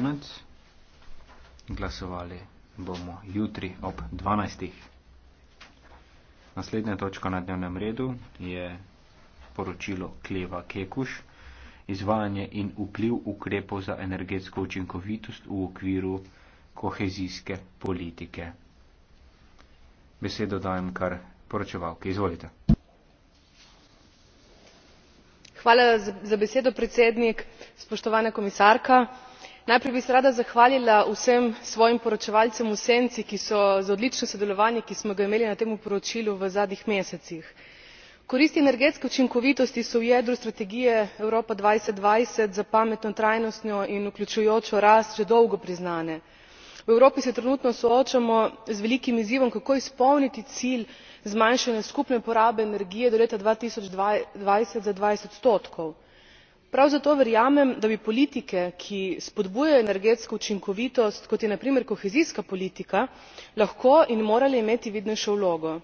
konec. Glasovali bomo jutri ob 12. Naslednja točka na dnevnem redu je poročilo Kleva Kekuš, izvajanje in vpliv ukrepov za energetsko učinkovitost v okviru kohezijske politike. Besedo dajem kar poročevalke. Izvolite. Hvala za besedo, predsednik. Spoštovana komisarka najprej bi se rada zahvalila vsem svojim poročevalcem v senci za odlično sodelovanje ki smo ga imeli na tem poročilu v zadnjih mesecih. koristi energetske učinkovitosti so v jedru strategije evropa dva tisoč dvajset za pametno trajnostno in vključujočo rast že dolgo priznane. v evropi se trenutno soočamo z velikim izzivom kako izpolniti cilj zmanjšanja skupne porabe energije do leta dva tisoč dvajset za dvajset odstotkov prav zato verjamem da bi politike ki spodbujajo energetsko učinkovitost kot je na primer kohezijska politika lahko in morale imeti vidnejšo vlogo.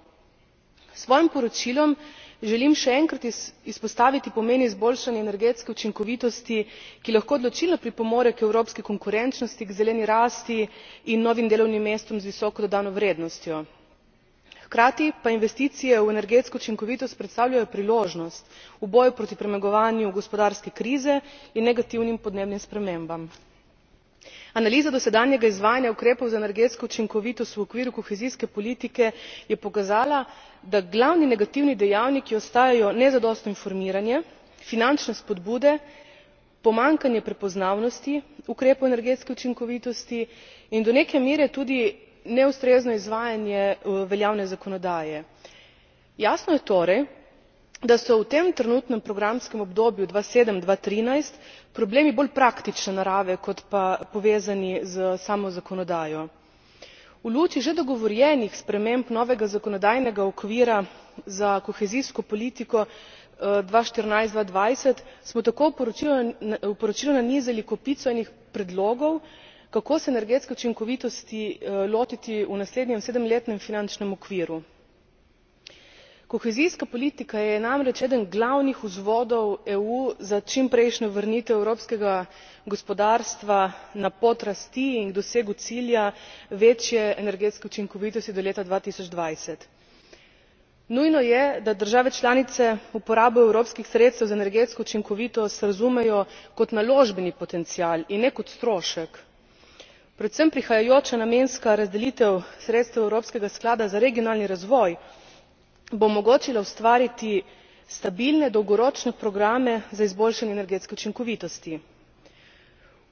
s svojim poročilom želim še enkrat izpostaviti pomen izboljšanja energetske učinkovitosti ki lahko odločilno pripomore k evropski konkurenčnosti k zeleni rasti in novim delovnim mestom z visoko dodano vrednostjo hkrati pa investicije v energetsko učinkovitost predstavljajo priložnost v boju proti premagovanju gospodarske krize in negativnim podnebnim spremembam. analiza dosedanjega izvajanja ukrepov za energetsko učinkovitost v okviru kohezijske politike je pokazala da glavni negativni dejavniki ostajajo nezadostno informiranje finančne spodbude pomanjkanje prepoznavnosti ukrepov energetske učinkovitosti in do neke mere tudi neustrezno izvajanje eh, veljavne zakonodaje. jasno je torej da so v tem trenutnem programskem obdobju dva tisoč sedem dva tisoč trinajst problemi bolj praktične narave kot pa povezani s samo zakonodajo. v luči že dogovorjenih sprememb novega zakonodajnega okvira za kohezijsko politiko eh, dva tisoč štirinajst dva tisoč dvajset smo tako v poročilu nanizali kopico enih predlogov kako se energetske učinkovitosti eh, lotiti v naslednjem sedemletnem finančnem okviru. kohezijska politika je namreč eden glavnih vzvodov eu za čimprejšnjo vrnitev evropskega gospodarstva na pot rasti in k dosegu cilja večje energetske učinkovitosti do leta. dva tisoč dvajset nujno je da države članice uporabo evropskih sredstev za energetsko učinkovitost razumejo kot naložbeni potencial in ne kot strošek predvsem prihajajoča namenska razdelitev sredstev evropskega sklada za regionalni razvoj bo omogočila ustvariti stabilne dolgoročne programe za izboljšanje energetske učinkovitosti.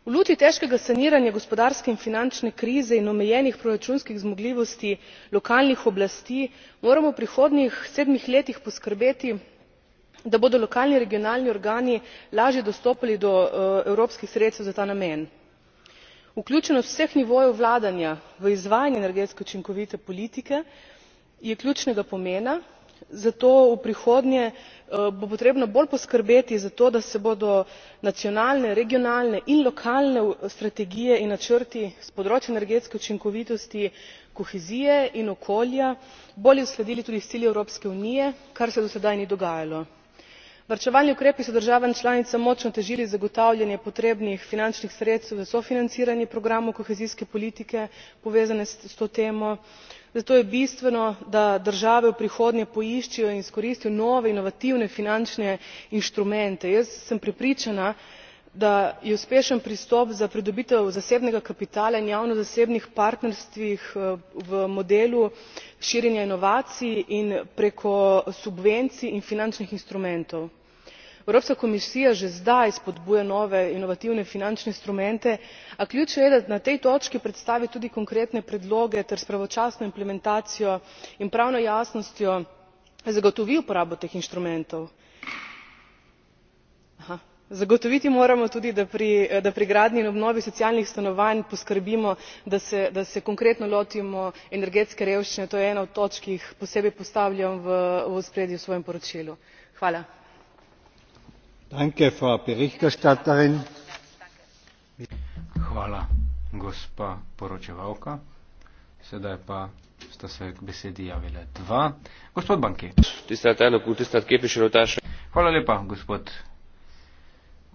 v luči težkega saniranja gospodarske in finančne krize in omejenih proračunskih zmogljivosti lokalnih oblasti moramo v prihodnjih sedmih letih poskrbeti da bodo lokalni regionalni organi lažje dostopali do eh, evropskih sredstev za ta namen vključenost vseh nivojev vladanja v izvajanje energetsko učinkovite politike je ključnega pomena zato v prihodnje eh, bo potrebno bolj poskrbeti za to da se bodo nacionalne regionalne in lokalne strategije in načrti s področja energetske učinkovitosti kohezije in okolja bolje uskladili tudi s cilji evropske unije kar se do sedaj ni dogajalo varčevalni ukrepi so državam članicam močno otežili zagotavljanje potrebnih finančnih sredstev za sofinanciranje programov kohezijske politike povezane s to temo zato je bistveno da države v prihodnje poiščejo in izkoristijo nove inovativne finančne inštrumente. jaz sem prepričana da je uspešen pristop za pridobitev zasebnega kapitala in javno zasebnih partnerstvih eh, v modelu širjenja inovacij in preko subvencij in finančnih instrumentov. evropska komisija že zdaj spodbuja nove inovativne finančne instrumente a ključno je da na tej točki predstavi tudi konkretne predloge ter s pravočasno implementacijo in pravno jasnostjo zagotovi uporabo teh inštrumentov zagotoviti moramo tudi da pri gradnji in obnovi socialnih stanovanj poskrbimo da se konkretno lotimo energetske revščine to je ena od točk ki jih posebej postavljam v ospredje v svojem poročilu. hvala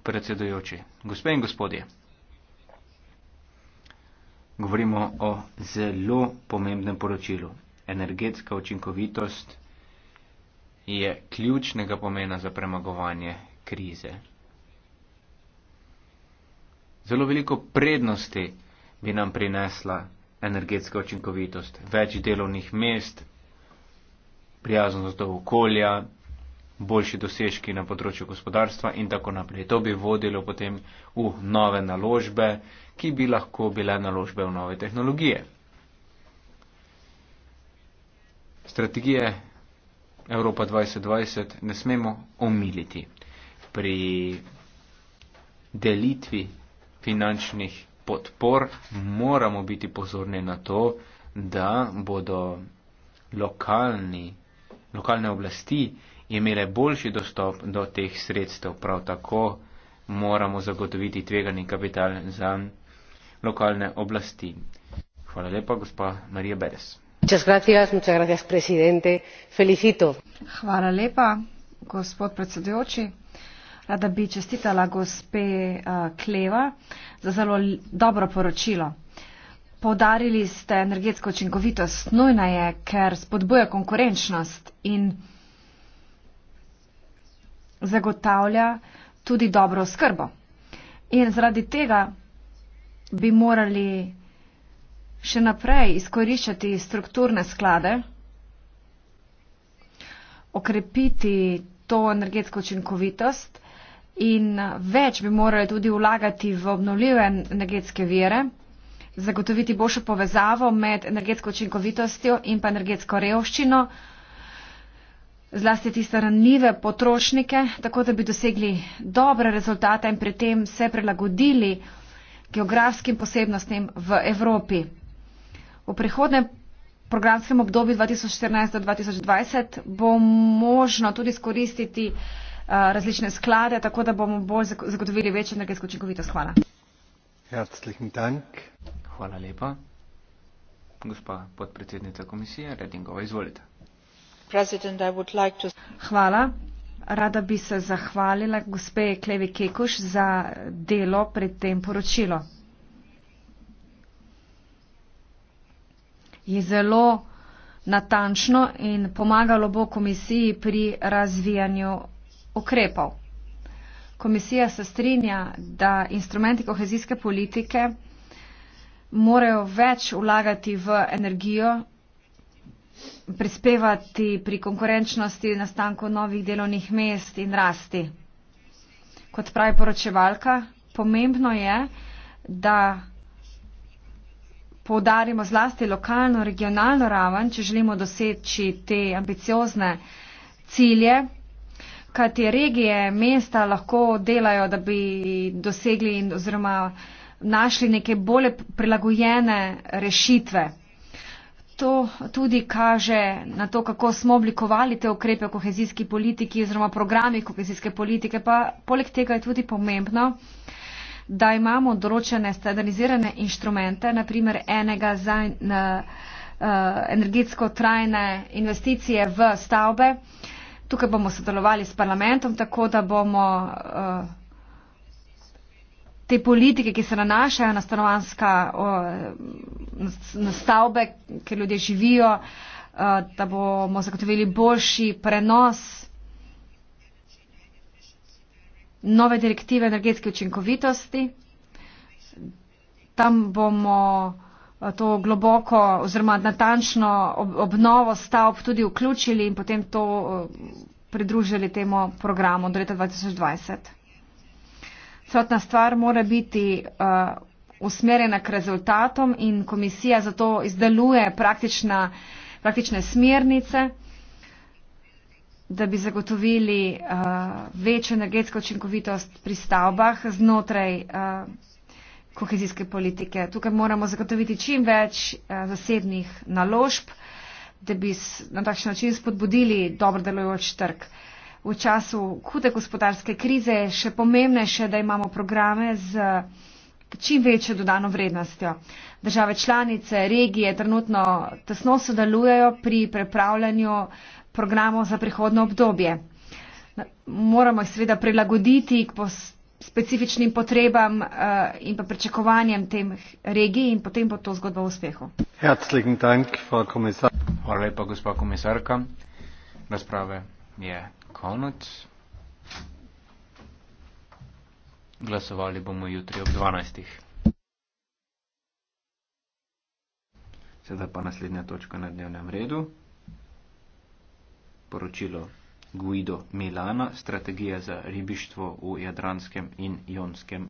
predsedujoči, gospe in gospodje, govorimo o zelo pomembnem poročilu. Energetska učinkovitost je ključnega pomena za premagovanje krize. Zelo veliko prednosti bi nam prinesla energetska učinkovitost, več delovnih mest, prijaznost do okolja, boljši dosežki na področju gospodarstva in tako naprej. To bi vodilo potem v nove naložbe, ki bi lahko bile naložbe v nove tehnologije. Strategije Evropa 2020 ne smemo omiliti pri delitvi finančnih podpor. Moramo biti pozorni na to, da bodo lokalni, lokalne oblasti imele boljši dostop do teh sredstev. Prav tako moramo zagotoviti tvegani kapital za lokalne oblasti. Hvala lepa, gospa Marija Beres. Muchas gracias, muchas gracias, presidente. Felicito. Hvala lepa, gospod predsedujoči. Rada bi čestitala gospe eh, Kleva za zelo dobro poročilo. Povdarili ste energetsko učinkovitost. Nujna je, ker spodbuja konkurenčnost in zagotavlja tudi dobro oskrbo. In zaradi tega bi morali še naprej izkoriščati strukturne sklade, okrepiti to energetsko učinkovitost in več bi morali tudi vlagati v obnovljive energetske vire, zagotoviti boljšo povezavo med energetsko učinkovitostjo in pa energetsko revščino, zlasti tiste ranljive potrošnike, tako da bi dosegli dobre rezultate in pri tem se prilagodili geografskim posebnostim v Evropi. V prihodnem programskem obdobju 2014-2020 bo možno tudi skoristiti eh, različne sklade, tako da bomo bolj zagotovili večjo energetsko učinkovitost. Hvala. Herzlichen Dank. Hvala lepa. Gospa podpredsednica komisije, Redingova, izvolite rada bi se zahvalila gospe Klevi Kekuš za delo pri tem poročilu. Je zelo natančno in pomagalo bo komisiji pri razvijanju ukrepov. Komisija se strinja, da instrumenti kohezijske politike morajo več vlagati v energijo prispevati pri konkurenčnosti, nastanku novih delovnih mest in rasti. Kot pravi poročevalka, pomembno je, da poudarimo zlasti lokalno, regionalno raven, če želimo doseči te ambiciozne cilje, kajti regije, mesta lahko delajo, da bi dosegli in oziroma našli neke bolje prilagojene rešitve to tudi kaže na to, kako smo oblikovali te ukrepe v kohezijski politiki oziroma programi kohezijske politike, pa poleg tega je tudi pomembno, da imamo določene standardizirane inštrumente, naprimer enega za uh, energetsko trajne investicije v stavbe. Tukaj bomo sodelovali s parlamentom, tako da bomo. Uh, te politike, ki se nanašajo na stanovanska, o, na stavbe, kjer ljudje živijo, o, da bomo zagotovili boljši prenos nove direktive energetske učinkovitosti. Tam bomo to globoko oziroma natančno obnovo stavb tudi vključili in potem to pridružili temu programu do leta 2020 celotna stvar mora biti uh, usmerjena k rezultatom in komisija zato izdeluje praktična, praktične smernice, da bi zagotovili uh, večjo energetsko učinkovitost pri stavbah znotraj uh, kohezijske politike. Tukaj moramo zagotoviti čim več uh, zasebnih naložb, da bi na takšen način spodbudili dobro delujoč trg. Uh, v času hude gospodarske krize še pomembnejše, da imamo programe z čim večjo dodano vrednostjo. Države članice, regije trenutno tesno sodelujejo pri prepravljanju programov za prihodno obdobje. Moramo jih seveda prilagoditi k specifičnim potrebam uh, in pa pričakovanjem teh regij in potem bo to zgodba o uspehu. Hvala lepa, gospa komisarka. Razprave je konec. Glasovali bomo jutri ob 12. Sedaj pa naslednja točka na dnevnem redu. Poročilo Guido Milana, strategija za ribištvo v Jadranskem in Jonskem.